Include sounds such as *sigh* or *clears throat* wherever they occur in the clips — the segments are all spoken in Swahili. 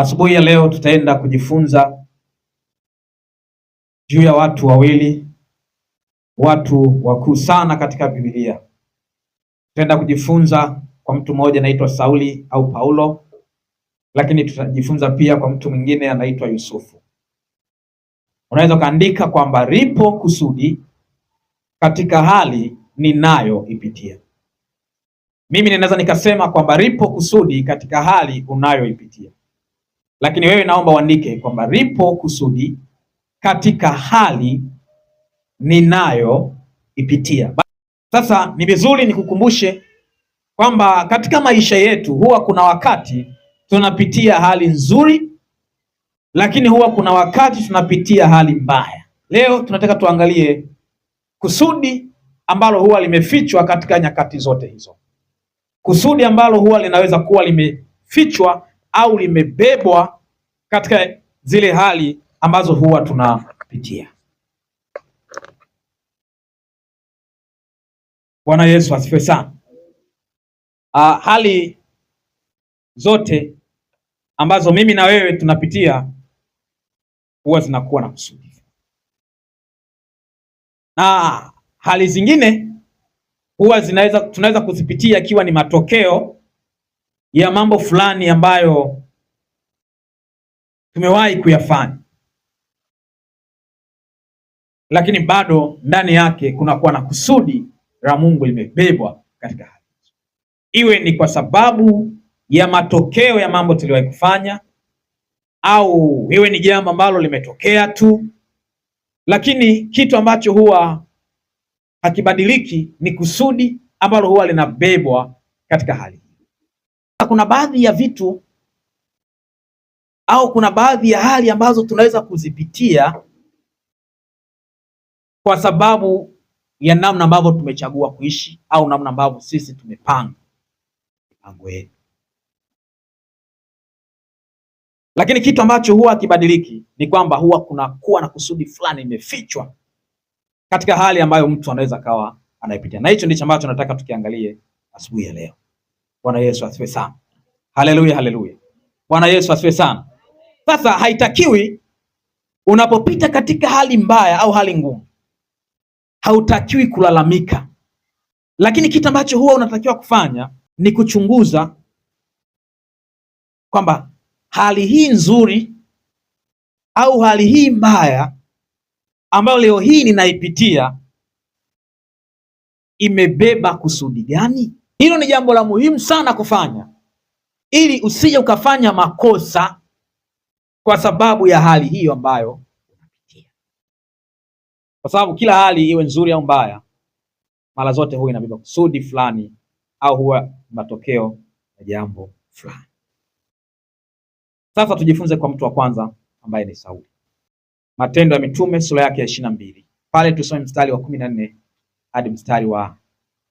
Asubuhi ya leo tutaenda kujifunza juu ya watu wawili, watu wakuu sana katika Biblia. Tutaenda kujifunza kwa mtu mmoja anaitwa Sauli au Paulo, lakini tutajifunza pia kwa mtu mwingine anaitwa Yusufu. Unaweza ukaandika kwamba lipo kusudi katika hali ninayoipitia. Mimi ninaweza nikasema kwamba lipo kusudi katika hali unayoipitia lakini wewe naomba uandike kwamba lipo kusudi katika hali ninayoipitia. Sasa ni vizuri nikukumbushe kwamba katika maisha yetu huwa kuna wakati tunapitia hali nzuri, lakini huwa kuna wakati tunapitia hali mbaya. Leo tunataka tuangalie kusudi ambalo huwa limefichwa katika nyakati zote hizo, kusudi ambalo huwa linaweza kuwa limefichwa au limebebwa katika zile hali ambazo huwa tunapitia. Bwana Yesu asifiwe sana. Ah, hali zote ambazo mimi na wewe tunapitia huwa zinakuwa na kusudi, na hali zingine huwa zinaweza tunaweza kuzipitia ikiwa ni matokeo ya mambo fulani ambayo tumewahi kuyafanya, lakini bado ndani yake kunakuwa na kusudi la Mungu limebebwa katika hali hizo, iwe ni kwa sababu ya matokeo ya mambo tuliwahi kufanya au iwe ni jambo ambalo limetokea tu, lakini kitu ambacho huwa hakibadiliki ni kusudi ambalo huwa linabebwa katika hali kuna baadhi ya vitu au kuna baadhi ya hali ambazo tunaweza kuzipitia kwa sababu ya namna ambavyo tumechagua kuishi au namna ambavyo sisi tumepanga mipango yetu. Lakini kitu ambacho huwa hakibadiliki ni kwamba huwa kuna kuwa na kusudi fulani imefichwa katika hali ambayo mtu anaweza akawa anaipitia, na hicho ndicho ambacho nataka tukiangalie asubuhi ya leo. Bwana Yesu asifiwe sana. Haleluya, haleluya. Bwana Yesu asifiwe sana. Sasa haitakiwi unapopita katika hali mbaya au hali ngumu, hautakiwi kulalamika, lakini kitu ambacho huwa unatakiwa kufanya ni kuchunguza kwamba hali hii nzuri au hali hii mbaya ambayo leo hii ninaipitia imebeba kusudi gani? Hilo ni jambo la muhimu sana kufanya, ili usije ukafanya makosa kwa sababu ya hali hiyo ambayo unapitia, kwa sababu kila hali iwe nzuri au mbaya, mara zote huwa inabeba kusudi fulani au huwa matokeo ya jambo fulani. Sasa tujifunze kwa mtu wa kwanza ambaye ni Sauli, Matendo ya Mitume sura yake ya ishirini na mbili pale tusome mstari wa kumi na nne hadi mstari wa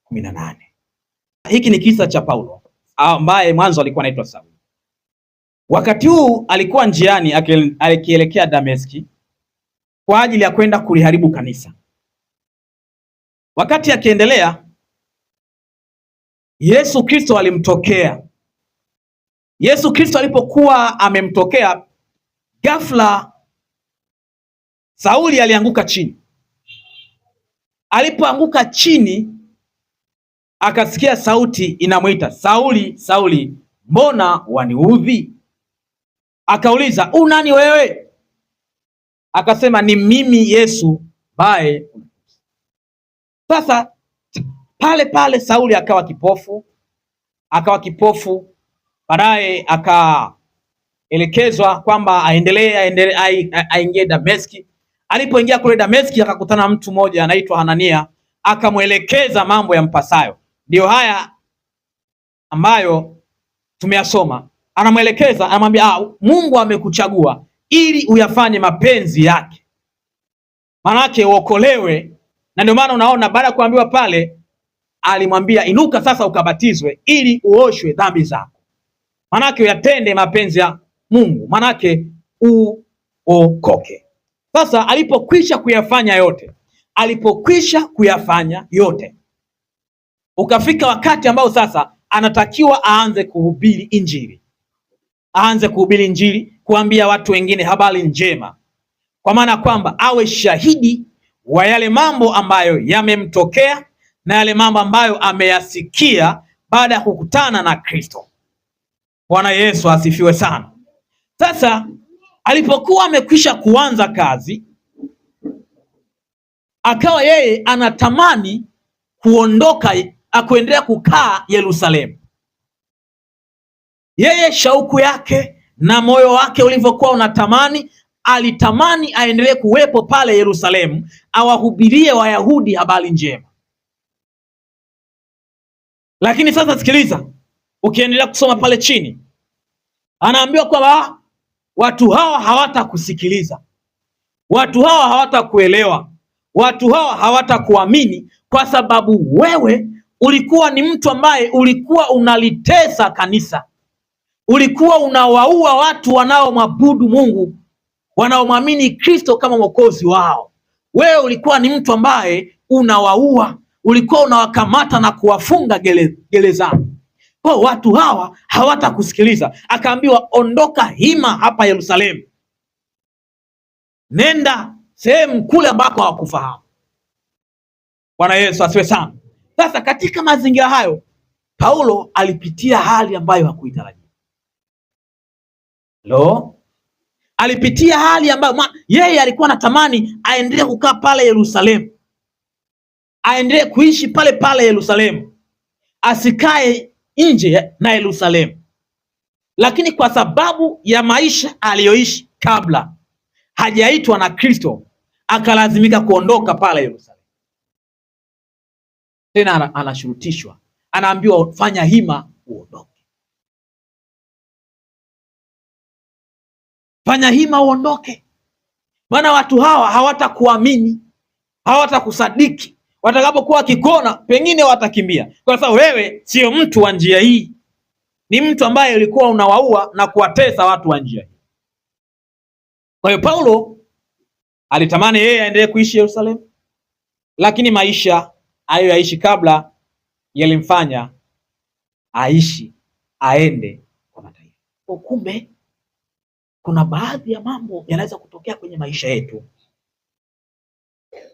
kumi na nane. Hiki ni kisa cha Paulo ambaye mwanzo alikuwa anaitwa Sauli. Wakati huu alikuwa njiani akielekea Dameski kwa ajili ya kwenda kuliharibu kanisa. Wakati akiendelea, Yesu Kristo alimtokea. Yesu Kristo alipokuwa amemtokea, ghafla Sauli alianguka chini. Alipoanguka chini akasikia sauti inamwita Sauli, Sauli, mbona waniudhi? Akauliza, u nani wewe? Akasema, ni mimi Yesu baye. Sasa pale pale Sauli akawa kipofu, akawa kipofu. Baadaye akaelekezwa kwamba aendelee, aendelee, aingie Dameski. Alipoingia kule Dameski, akakutana mtu mmoja anaitwa Hanania, akamwelekeza mambo ya mpasayo Ndiyo haya ambayo tumeyasoma. Anamwelekeza, anamwambia ah, Mungu amekuchagua ili uyafanye mapenzi yake, maanake uokolewe. Na ndio maana unaona baada ya kuambiwa pale, alimwambia inuka sasa ukabatizwe ili uoshwe dhambi zako, maanake uyatende mapenzi ya Mungu, maanake uokoke. Sasa alipokwisha kuyafanya yote, alipokwisha kuyafanya yote Ukafika wakati ambao sasa anatakiwa aanze kuhubiri Injili, aanze kuhubiri Injili, kuambia watu wengine habari njema, kwa maana kwamba awe shahidi wa yale mambo ambayo yamemtokea na yale mambo ambayo ameyasikia baada ya kukutana na Kristo. Bwana Yesu asifiwe sana. Sasa alipokuwa amekwisha kuanza kazi, akawa yeye anatamani kuondoka akuendelea kukaa Yerusalemu. Yeye shauku yake na moyo wake ulivyokuwa unatamani, alitamani aendelee kuwepo pale Yerusalemu, awahubirie Wayahudi habari njema. Lakini sasa sikiliza, ukiendelea kusoma pale chini, anaambiwa kwamba watu hawa hawatakusikiliza, watu hawa hawatakuelewa, watu hawa hawatakuamini kwa sababu wewe ulikuwa ni mtu ambaye ulikuwa unalitesa kanisa, ulikuwa unawaua watu wanaomwabudu Mungu, wanaomwamini Kristo kama mwokozi wao. Wewe ulikuwa ni mtu ambaye unawaua, ulikuwa unawakamata na kuwafunga gerezani kwa watu hawa hawatakusikiliza. Akaambiwa, ondoka hima hapa Yerusalemu, nenda sehemu kule ambako hawakufahamu. Bwana Yesu asiwe sana. Sasa katika mazingira hayo Paulo alipitia hali ambayo hakuitarajia. Lo, alipitia hali ambayo ma, yeye alikuwa anatamani aendelee kukaa pale Yerusalemu, aendelee kuishi pale pale Yerusalemu, asikae nje na Yerusalemu, lakini kwa sababu ya maisha aliyoishi kabla hajaitwa na Kristo, akalazimika kuondoka pale Yerusalemu tena anashurutishwa, anaambiwa fanya hima uondoke, fanya hima uondoke, maana watu hawa hawatakuamini, hawatakusadiki. Watakapokuwa wakikona pengine watakimbia, kwa sababu wewe sio mtu wa njia hii, ni mtu ambaye ulikuwa unawaua na kuwatesa watu wa njia hii. Kwa hiyo Paulo alitamani yeye aendelee kuishi Yerusalemu, lakini maisha yaishi kabla yalimfanya aishi aende kwa mataifa. Kumbe kuna baadhi ya mambo yanaweza kutokea kwenye maisha yetu,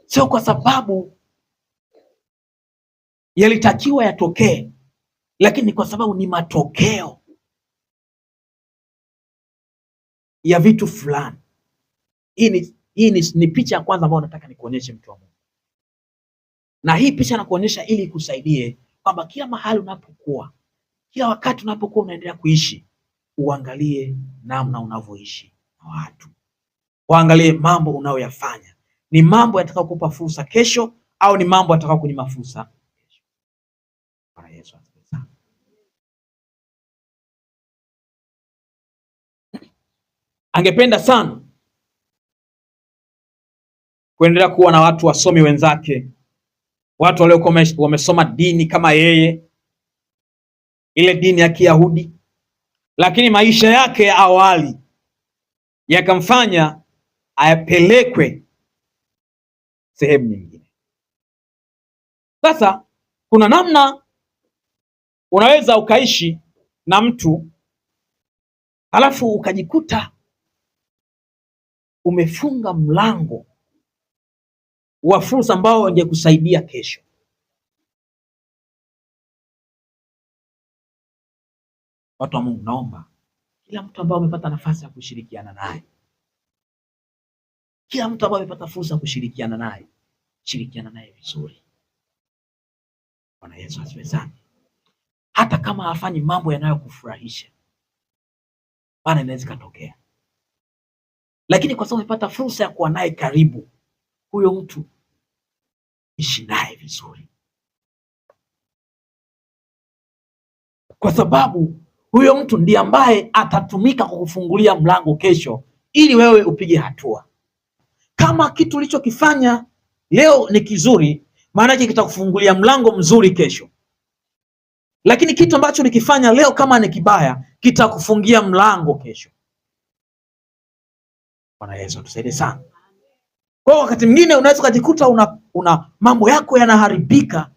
sio kwa sababu yalitakiwa yatokee, lakini kwa sababu ni matokeo ya vitu fulani. Hii ni, hii ni, ni picha ya kwanza ambayo nataka nikuonyeshe mtu wa Mungu. Na hii picha nakuonyesha ili ikusaidie kwamba kila mahali unapokuwa, kila wakati unapokuwa unaendelea kuishi, uangalie namna unavyoishi na watu, uangalie mambo unayoyafanya, ni mambo yatakao kupa fursa kesho au ni mambo yatakao kunyima fursa kesho. Bwana Yesu asifiwe sana. Angependa sana kuendelea kuwa na watu wasomi wenzake watu waliokuwa wamesoma dini kama yeye, ile dini ya Kiyahudi, lakini maisha yake ya awali yakamfanya ayapelekwe sehemu nyingine. Sasa kuna namna unaweza ukaishi na mtu halafu ukajikuta umefunga mlango wa fursa ambao wangekusaidia kesho. Watu wa Mungu, naomba kila mtu ambaye amepata nafasi ya kushirikiana naye, kila mtu ambaye amepata fursa ya kushirikiana naye, shirikiana naye vizuri. Bwana Yesu asifiwe sana. Hata kama hafanyi mambo yanayokufurahisha, maana inaweza ikatokea, lakini kwa sababu amepata fursa ya kuwa naye karibu, huyo mtu ishi naye vizuri, kwa sababu huyo mtu ndiye ambaye atatumika kukufungulia mlango kesho, ili wewe upige hatua. Kama kitu ulichokifanya leo ni kizuri, maana yake kitakufungulia mlango mzuri kesho, lakini kitu ambacho nikifanya leo kama ni kibaya, kitakufungia mlango kesho. Bwana Yesu atusaidie sana. Kwa wakati mwingine unaweza ukajikuta una una mambo yako yanaharibika,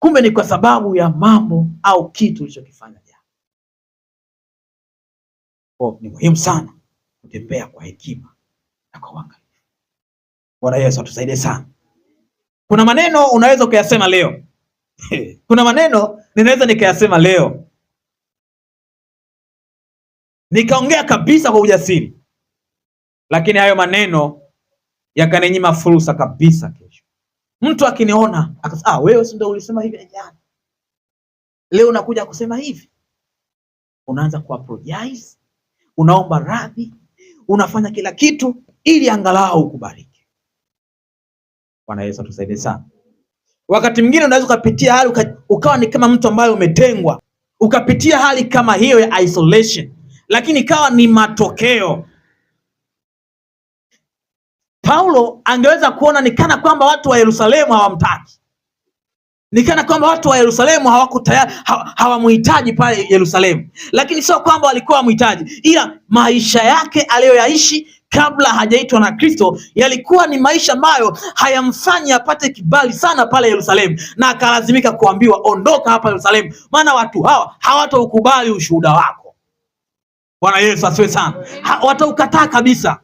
kumbe ni kwa sababu ya mambo au kitu ulichokifanya jana. Kwa ni muhimu sana kutembea kwa hekima na kwa uangalifu. Bwana Yesu atusaidie sana. Kuna maneno unaweza ukayasema leo *laughs* kuna maneno ninaweza nikayasema leo nikaongea kabisa kwa ujasiri, lakini hayo maneno yakaninyima fursa kabisa. Kesho mtu akiniona akasema, ah, wewe si ndio ulisema hivi jana, leo unakuja kusema hivi, unaanza ku apologize, unaomba radhi, unafanya kila kitu ili angalau ukubariki. Bwana Yesu atusaidie sana. Wakati mwingine unaweza ukapitia hali ukawa ni kama mtu ambaye umetengwa, ukapitia hali kama hiyo ya isolation, lakini ikawa ni matokeo Paulo angeweza kuona ni kana kwamba watu wa Yerusalemu hawamtaki, ni kana kwamba watu wa Yerusalemu hawako tayari, hawamuhitaji pale Yerusalemu, lakini sio kwamba walikuwa wamhitaji, ila maisha yake aliyoyaishi kabla hajaitwa na Kristo yalikuwa ni maisha ambayo hayamfanyi apate kibali sana pale Yerusalemu, na akalazimika kuambiwa ondoka hapa Yerusalemu, maana watu hawa hawataukubali ushuhuda wako. Bwana Yesu asiwe sana, wataukataa kabisa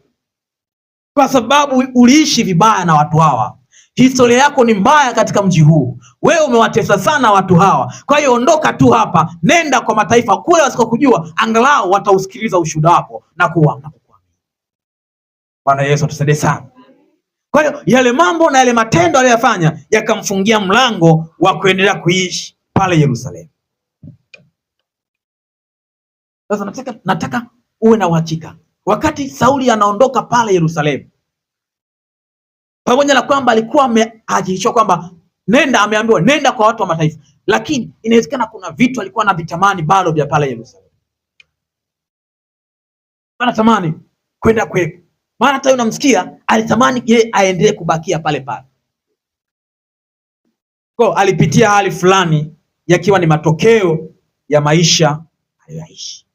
kwa sababu uliishi vibaya na watu hawa. Historia yako ni mbaya katika mji huu, wewe umewatesa sana watu hawa. Kwa hiyo ondoka tu hapa, nenda kwa mataifa kule wasikokujua, angalau watausikiliza ushuhuda wako na kuwa Bwana Yesu atusaidie sana. Kwa hiyo yale mambo na yale matendo aliyofanya yakamfungia mlango wa kuendelea kuishi pale Yerusalemu. Sasa nataka, nataka uwe na uhakika Wakati Sauli anaondoka pale Yerusalemu, pamoja na kwamba alikuwa ameajirishwa kwamba nenda, ameambiwa nenda kwa watu wa mataifa, lakini inawezekana kuna vitu alikuwa anavitamani bado vya pale Yerusalemu, anatamani kwenda kwetu, maana hata unamsikia alitamani ye aendelee kubakia pale pale Kwa alipitia hali fulani yakiwa ni matokeo ya maisha aliyoishi.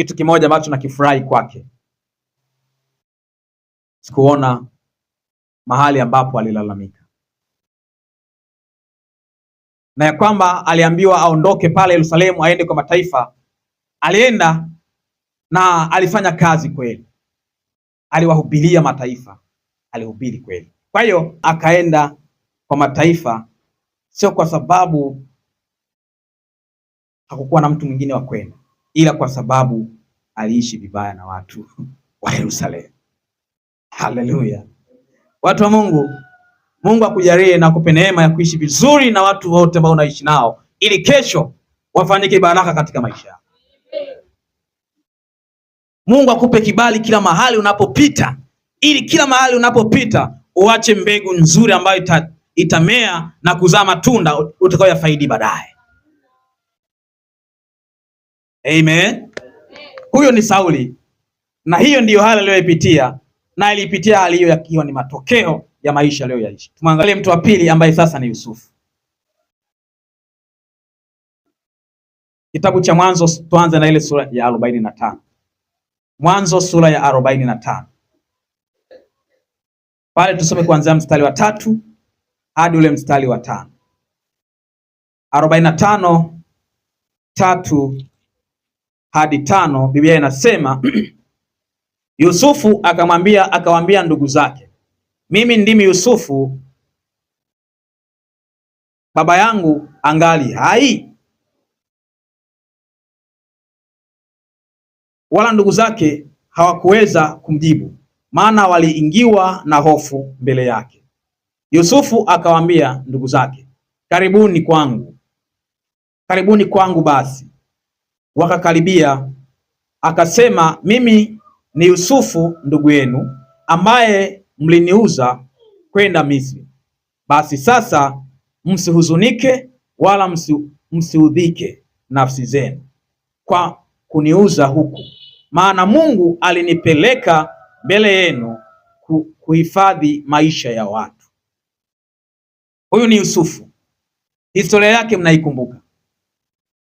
kitu kimoja ambacho nakifurahi kwake, sikuona mahali ambapo alilalamika, na ya kwamba aliambiwa aondoke pale Yerusalemu aende kwa mataifa. Alienda na alifanya kazi kweli, aliwahubiria mataifa, alihubiri kweli. Kwa hiyo akaenda kwa mataifa, sio kwa sababu hakukuwa na mtu mwingine wa kwenda ila kwa sababu aliishi vibaya na watu wa Yerusalemu. Haleluya, watu wa Mungu. Mungu akujalie na kupe neema ya kuishi vizuri na watu wote ambao unaishi nao, ili kesho wafanyike baraka katika maisha yao Mungu akupe kibali kila mahali unapopita, ili kila mahali unapopita uache mbegu nzuri ambayo ita, itamea na kuzaa matunda utakayoyafaidi baadaye. Amen. Huyo ni Sauli, na hiyo ndiyo hali aliyoipitia, na aliipitia hali hiyo yakiwa ni matokeo ya maisha aliyoyaishi. Tumwangalie mtu wa pili ambaye sasa ni Yusufu. Kitabu cha Mwanzo, tuanze na ile sura ya arobaini na tano. Mwanzo sura ya arobaini na tano pale tusome kuanzia mstari wa tatu hadi ule mstari wa tano. arobaini na tano tatu hadi tano Biblia inasema *clears throat* Yusufu akamwambia akawaambia ndugu zake, mimi ndimi Yusufu, baba yangu angali hai? Wala ndugu zake hawakuweza kumjibu, maana waliingiwa na hofu mbele yake. Yusufu akawaambia ndugu zake, karibuni kwangu, karibuni kwangu basi wakakaribia, akasema mimi ni Yusufu ndugu yenu ambaye mliniuza kwenda Misri. Basi sasa msihuzunike wala msiudhike nafsi zenu kwa kuniuza huku, maana Mungu alinipeleka mbele yenu kuhifadhi maisha ya watu. Huyu ni Yusufu, historia yake mnaikumbuka.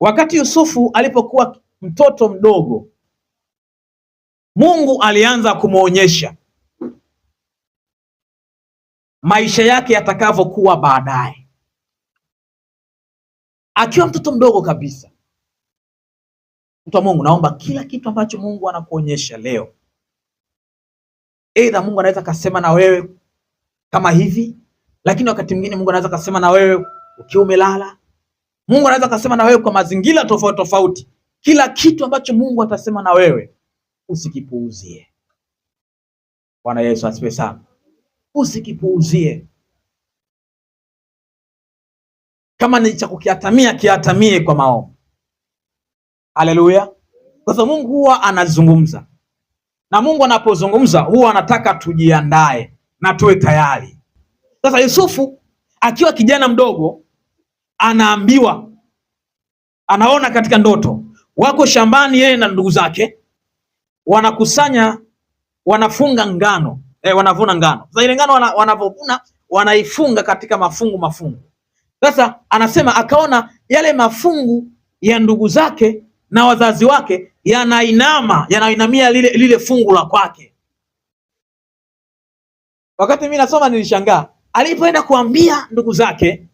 Wakati Yusufu alipokuwa mtoto mdogo, Mungu alianza kumwonyesha maisha yake yatakavyokuwa baadaye. Akiwa mtoto mdogo kabisa, mtu wa Mungu, naomba kila kitu ambacho Mungu anakuonyesha leo, aidha Mungu anaweza kasema na wewe kama hivi, lakini wakati mwingine Mungu anaweza kasema na wewe ukiwa umelala Mungu anaweza akasema na wewe kwa mazingira tofauti tofauti. Kila kitu ambacho Mungu atasema na wewe usikipuuzie. Bwana Yesu asifiwe sana. Usikipuuzie. Kama ni cha kukiatamia, kiatamie kwa maombi. Haleluya! Kwa sababu Mungu huwa anazungumza, na Mungu anapozungumza huwa anataka tujiandae na tuwe tayari. Sasa Yusufu akiwa kijana mdogo anaambiwa, anaona katika ndoto, wako shambani, yeye na ndugu zake wanakusanya, wanafunga ngano eh, wanavuna ngano. Sasa ile ngano wanavovuna wanaifunga katika mafungu mafungu. Sasa anasema akaona yale mafungu ya ndugu zake na wazazi wake yanainama, yanainamia lile, lile fungu la kwake. Wakati mimi nasoma nilishangaa, alipoenda kuambia ndugu zake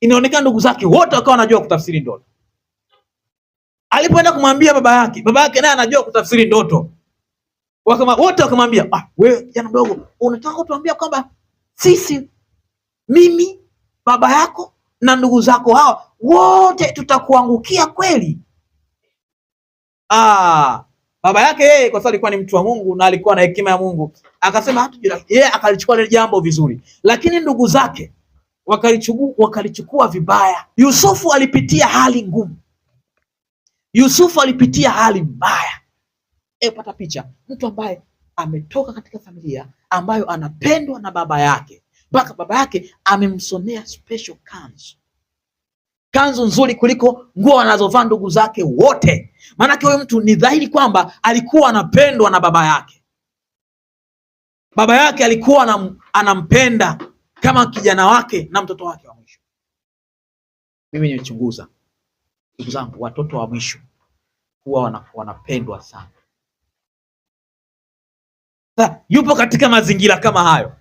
Inaonekana ndugu zake wote wakawa wanajua kutafsiri ndoto. Alipoenda kumwambia baba yake, baba yake naye anajua kutafsiri ndoto. Wakama wote wakamwambia, ah, we jana mdogo unataka kutuambia kwamba sisi mimi baba yako na ndugu zako hawa wote tutakuangukia kweli? Ah, baba yake yeye kwa sababu alikuwa ni mtu wa Mungu na alikuwa na hekima ya Mungu akasema, yeye akalichukua lile jambo vizuri, lakini ndugu zake wakalichukua, wakalichukua vibaya. Yusufu alipitia hali ngumu, Yusufu alipitia hali mbaya. E, pata picha, mtu ambaye ametoka katika familia ambayo anapendwa na baba yake, mpaka baba yake amemsomea special kanzu, kanzu nzuri kuliko nguo anazovaa ndugu zake wote. Maanake huyu mtu ni dhahiri kwamba alikuwa anapendwa na baba yake, baba yake alikuwa anam, anampenda kama kijana wake na mtoto wake wa mwisho. Mimi nimechunguza, ndugu zangu, watoto wa mwisho huwa wanapendwa sana. Sasa yupo katika mazingira kama hayo,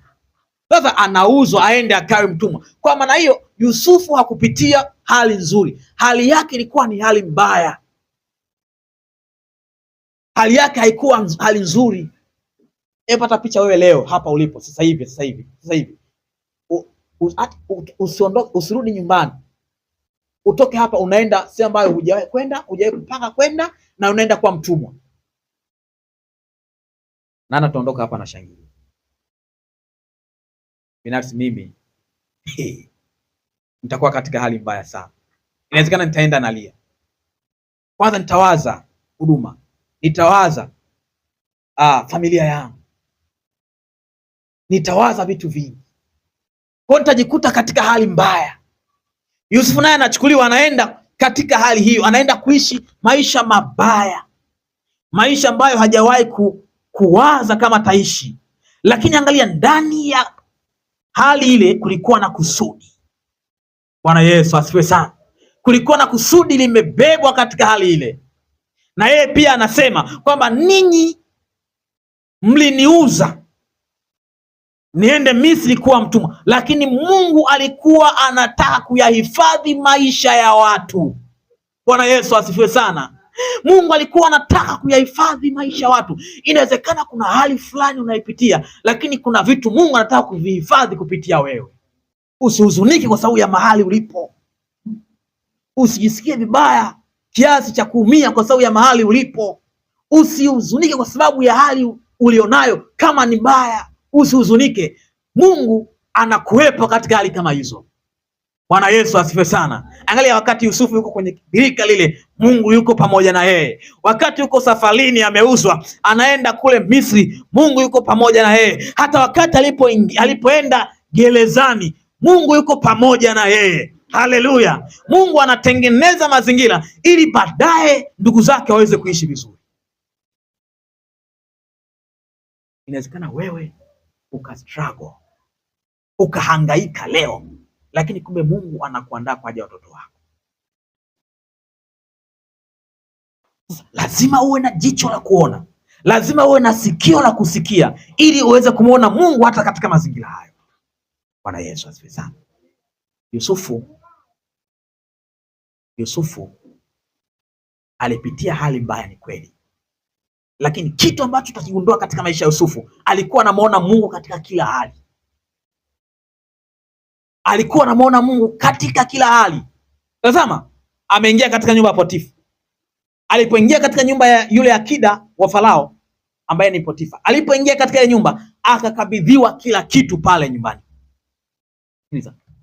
sasa anauzwa aende akawe mtumwa. Kwa maana hiyo, Yusufu hakupitia hali nzuri, hali yake ilikuwa ni hali mbaya, hali yake haikuwa hali nzuri. Hebu picha wewe leo hapa ulipo sasa hivi, sasa hivi, sasa hivi usiondoke, usirudi nyumbani, utoke hapa, unaenda sehemu ambayo hujawahi kwenda, hujawahi kupanga kwenda, na unaenda kwa mtumwa. Nana, tuondoka hapa na shangilia. Binafsi mimi *laughs* nitakuwa katika hali mbaya sana. Inawezekana nitaenda nalia kwanza, nitawaza huduma, nitawaza ah, familia yangu, nitawaza vitu vingi kwa nitajikuta katika hali mbaya. Yusufu naye anachukuliwa, anaenda katika hali hiyo, anaenda kuishi maisha mabaya, maisha ambayo hajawahi ku, kuwaza kama ataishi. Lakini angalia, ndani ya hali ile kulikuwa na kusudi. Bwana Yesu asifiwe sana. Kulikuwa na kusudi limebebwa katika hali ile, na yeye pia anasema kwamba ninyi mliniuza niende Misri kuwa mtumwa, lakini Mungu alikuwa anataka kuyahifadhi maisha ya watu. Bwana Yesu asifiwe sana. Mungu alikuwa anataka kuyahifadhi maisha ya watu. Inawezekana kuna hali fulani unaipitia, lakini kuna vitu Mungu anataka kuvihifadhi kupitia wewe. Usihuzunike kwa sababu ya mahali ulipo, usijisikie vibaya kiasi cha kuumia kwa sababu ya mahali ulipo. Usihuzunike kwa sababu ya hali ulionayo, kama ni mbaya usihuzunike. Mungu anakuwepo katika hali kama hizo. Bwana Yesu asifiwe sana. Angalia, wakati Yusufu yuko kwenye birika lile, Mungu yuko pamoja na yeye. Wakati yuko safarini, ameuzwa, anaenda kule Misri, Mungu yuko pamoja na yeye. Hata wakati alipo alipoenda gerezani, Mungu yuko pamoja na yeye. Haleluya! Mungu anatengeneza mazingira ili baadaye ndugu zake waweze kuishi vizuri. Inawezekana wewe ukastruggle ukahangaika leo, lakini kumbe Mungu anakuandaa kwa ajili ya watoto wako. Lazima uwe na jicho la kuona, lazima uwe na sikio la kusikia, ili uweze kumwona Mungu hata katika mazingira hayo. Bwana Yesu asifiwe sana. Yusufu, Yusufu alipitia hali mbaya, ni kweli lakini kitu ambacho tutakigundua katika maisha ya Yusufu, alikuwa anamwona Mungu katika kila hali, alikuwa anamwona Mungu katika kila hali. Tazama, ameingia katika nyumba ya Potifa. Alipoingia katika nyumba ya yule akida wa Farao ambaye ni Potifa, alipoingia katika ile nyumba akakabidhiwa kila kitu pale nyumbani.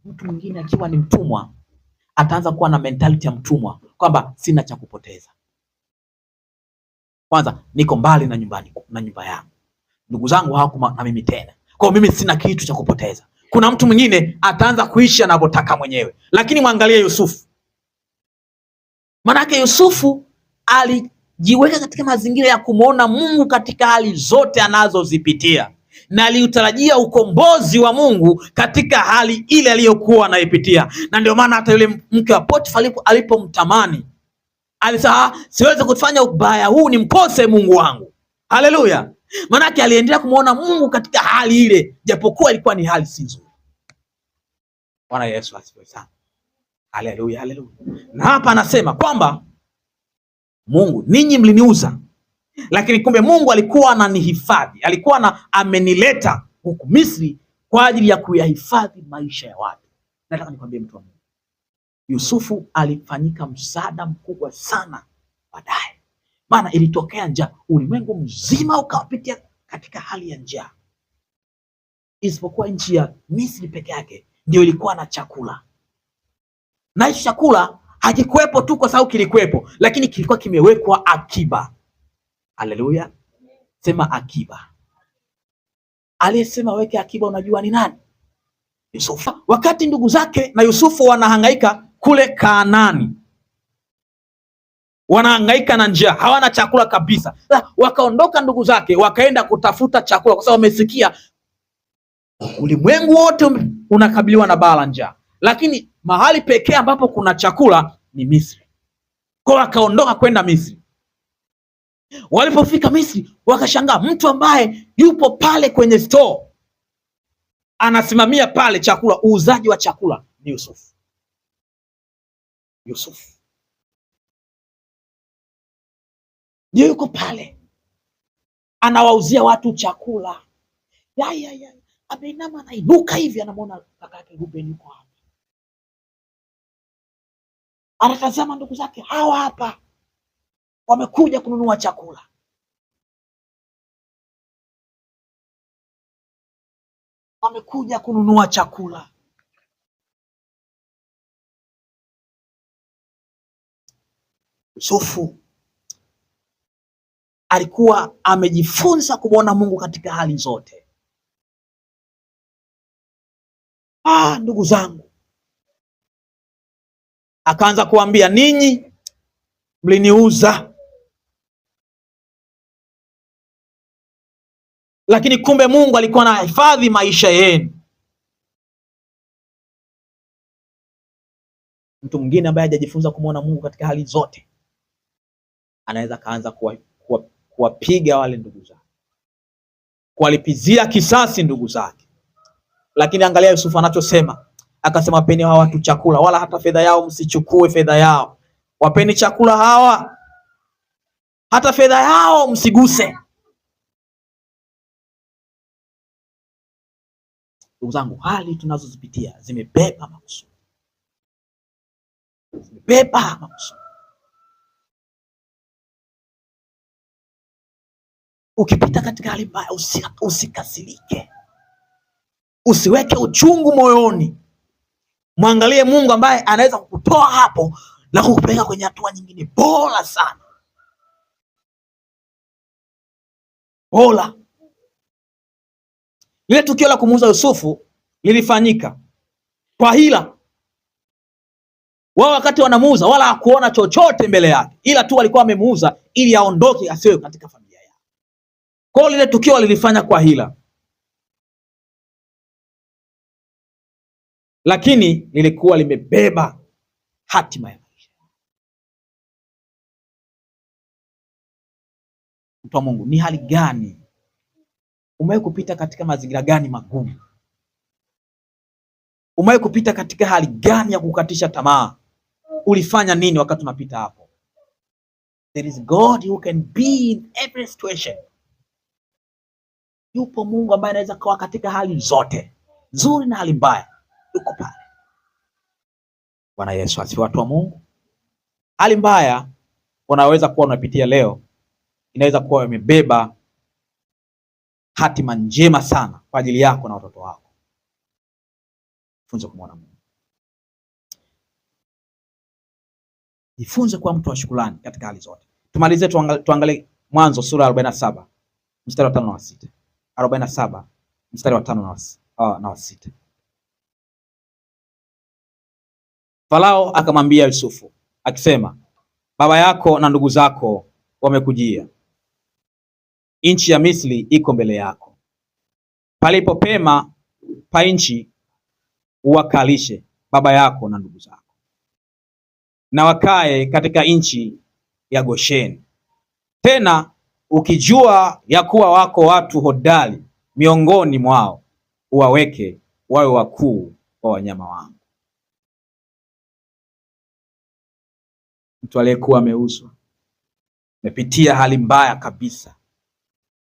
Mtu mwingine akiwa ni mtumwa ataanza kuwa na mentality ya mtumwa kwamba sina cha kupoteza. Kwanza niko mbali na nyumbani na nyumba yangu, ndugu zangu hawako na mimi tena, kwa mimi sina kitu cha kupoteza. Kuna mtu mwingine ataanza kuishi anavyotaka mwenyewe, lakini mwangalie Yusufu. Manake Yusufu alijiweka katika mazingira ya kumwona Mungu katika hali zote anazozipitia na aliutarajia ukombozi wa Mungu katika hali ile aliyokuwa anaipitia, na ndio maana hata yule mke wa Potifa alipomtamani alisema siwezi kufanya ubaya huu, ni mkose Mungu wangu. Haleluya! Maanake aliendelea kumwona Mungu katika hali ile, japokuwa ilikuwa ni hali si nzuri. Bwana Yesu asifiwe sana. Haleluya, haleluya. Na hapa anasema kwamba Mungu, ninyi mliniuza, lakini kumbe Mungu alikuwa ananihifadhi, alikuwa na amenileta huku Misri kwa ajili ya kuyahifadhi maisha ya watu. Nataka nikwambie mtu wa Mungu Yusufu alifanyika msaada mkubwa sana baadaye, maana ilitokea njaa, ulimwengu mzima ukawapitia katika hali ya njaa, isipokuwa nchi ya Misri peke yake ndio ilikuwa na chakula, na hicho chakula hakikuwepo tu kwa sababu kilikuwepo, lakini kilikuwa kimewekwa akiba. Haleluya, sema akiba. Aliyesema weke akiba, unajua ni nani? Yusufu. Wakati ndugu zake na Yusufu wanahangaika kule Kaanani, wanaangaika na njia hawana chakula kabisa. Wakaondoka ndugu zake, wakaenda kutafuta chakula, kwa sababu wamesikia ulimwengu wote unakabiliwa na baa la njaa, lakini mahali pekee ambapo kuna chakula ni Misri. Kwa wakaondoka kwenda Misri. Walipofika Misri, wakashangaa mtu ambaye yupo pale kwenye store anasimamia pale chakula, uuzaji wa chakula ni Yusufu. Yusufu. Je, yuko pale anawauzia watu chakula ya, ya, ya. Ameinama anainuka hivi, anamwona kaka yake Rubeni yuko hapa, anatazama ndugu zake hawa hapa wamekuja kununua chakula. Wamekuja kununua chakula. Yusufu alikuwa amejifunza kumwona Mungu katika hali zote. Ah, ndugu zangu, akaanza kuambia ninyi mliniuza, lakini kumbe Mungu alikuwa anahifadhi maisha yenu. Mtu mwingine ambaye hajajifunza kumwona Mungu katika hali zote anaweza kaanza kuwapiga kuwa, kuwa wale ndugu zake, kuwalipizia kisasi ndugu zake. Lakini angalia Yusufu anachosema, akasema wapeni hawa watu chakula, wala hata fedha yao msichukue fedha yao. Wapeni chakula hawa, hata fedha yao msiguse. Ndugu zangu, hali tunazozipitia zimebeba makusudi, zimebeba makusudi Ukipita katika hali mbaya, usikasirike, usiweke uchungu moyoni. Mwangalie Mungu ambaye anaweza kukutoa hapo na kukupeleka kwenye hatua nyingine bora sana, bora. Lile tukio la kumuuza Yusufu lilifanyika kwa hila. Wao wakati wanamuuza wala hakuona chochote mbele yake, ila tu walikuwa wamemuuza ili aondoke asiwe katika familia kwa hiyo lile tukio alilifanya kwa hila, lakini lilikuwa limebeba hatima ya maisha. Mtu wa Mungu, ni hali gani umewahi kupita? Katika mazingira gani magumu umewahi kupita? Katika hali gani ya kukatisha tamaa? Ulifanya nini wakati unapita hapo? There is God who can be in every situation. Yupo Mungu ambaye anaweza kuwa katika hali zote nzuri na hali mbaya, yuko pale. Bwana Yesu asifiwe, watu wa Mungu. Hali mbaya unaweza kuwa unapitia leo inaweza kuwa imebeba hatima njema sana kwa ajili yako na watoto wako. Jifunze kumwona Mungu, jifunze kuwa mtu wa shukrani katika hali zote. Tumalize, tuangalie Mwanzo sura ya 47 na saba mstari wa 5 na 6. 47 mstari wa tano ah, na wa sita. Farao akamwambia Yusufu akisema, baba yako na ndugu zako wamekujia, nchi ya Misri iko mbele yako, palipo pema pa nchi uwakalishe baba yako na ndugu zako, na wakae katika nchi ya Gosheni. Tena ukijua ya kuwa wako watu hodari miongoni mwao, uwaweke wawe wakuu wa wanyama wangu. Mtu aliyekuwa ameuzwa, amepitia hali mbaya kabisa,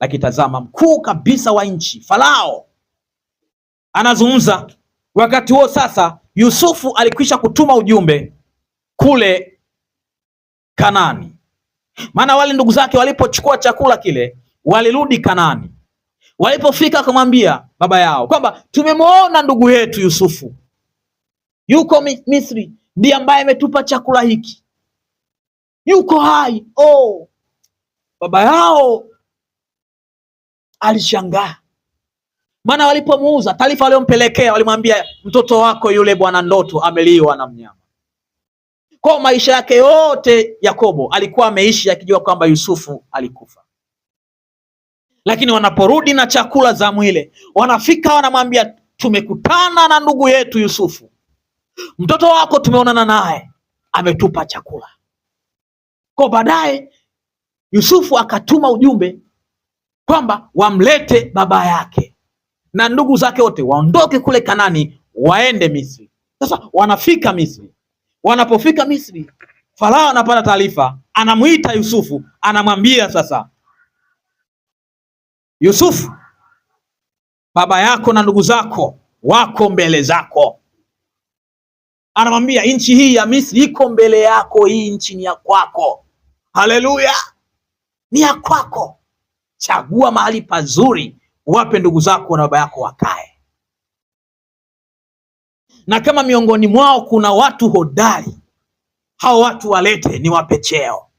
lakini tazama, mkuu kabisa wa nchi Farao anazungumza. Wakati huo sasa, Yusufu alikwisha kutuma ujumbe kule Kanani maana wale ndugu zake walipochukua chakula kile walirudi kanani walipofika akamwambia baba yao kwamba tumemwona ndugu yetu Yusufu yuko Misri, ndiye ambaye ametupa chakula hiki, yuko hai. Oh, baba yao alishangaa, maana walipomuuza, taarifa waliompelekea walimwambia, mtoto wako yule bwana ndoto ameliwa na mnyama. Kwa maisha yake yote Yakobo alikuwa ameishi akijua kwamba Yusufu alikufa, lakini wanaporudi na chakula za mwile, wanafika wanamwambia, tumekutana na ndugu yetu Yusufu, mtoto wako tumeonana naye, ametupa chakula. Kwa baadaye Yusufu akatuma ujumbe kwamba wamlete baba yake na ndugu zake wote waondoke kule Kanani waende Misri. Sasa wanafika Misri Wanapofika Misri, Farao anapata taarifa, anamuita Yusufu, anamwambia sasa, Yusufu, baba yako na ndugu zako wako mbele zako. Anamwambia nchi hii ya Misri iko mbele yako, hii nchi ni ya kwako. Haleluya, ni ya kwako. Chagua mahali pazuri, wape ndugu zako na baba yako wakae na kama miongoni mwao kuna watu hodari, hao watu walete niwape cheo.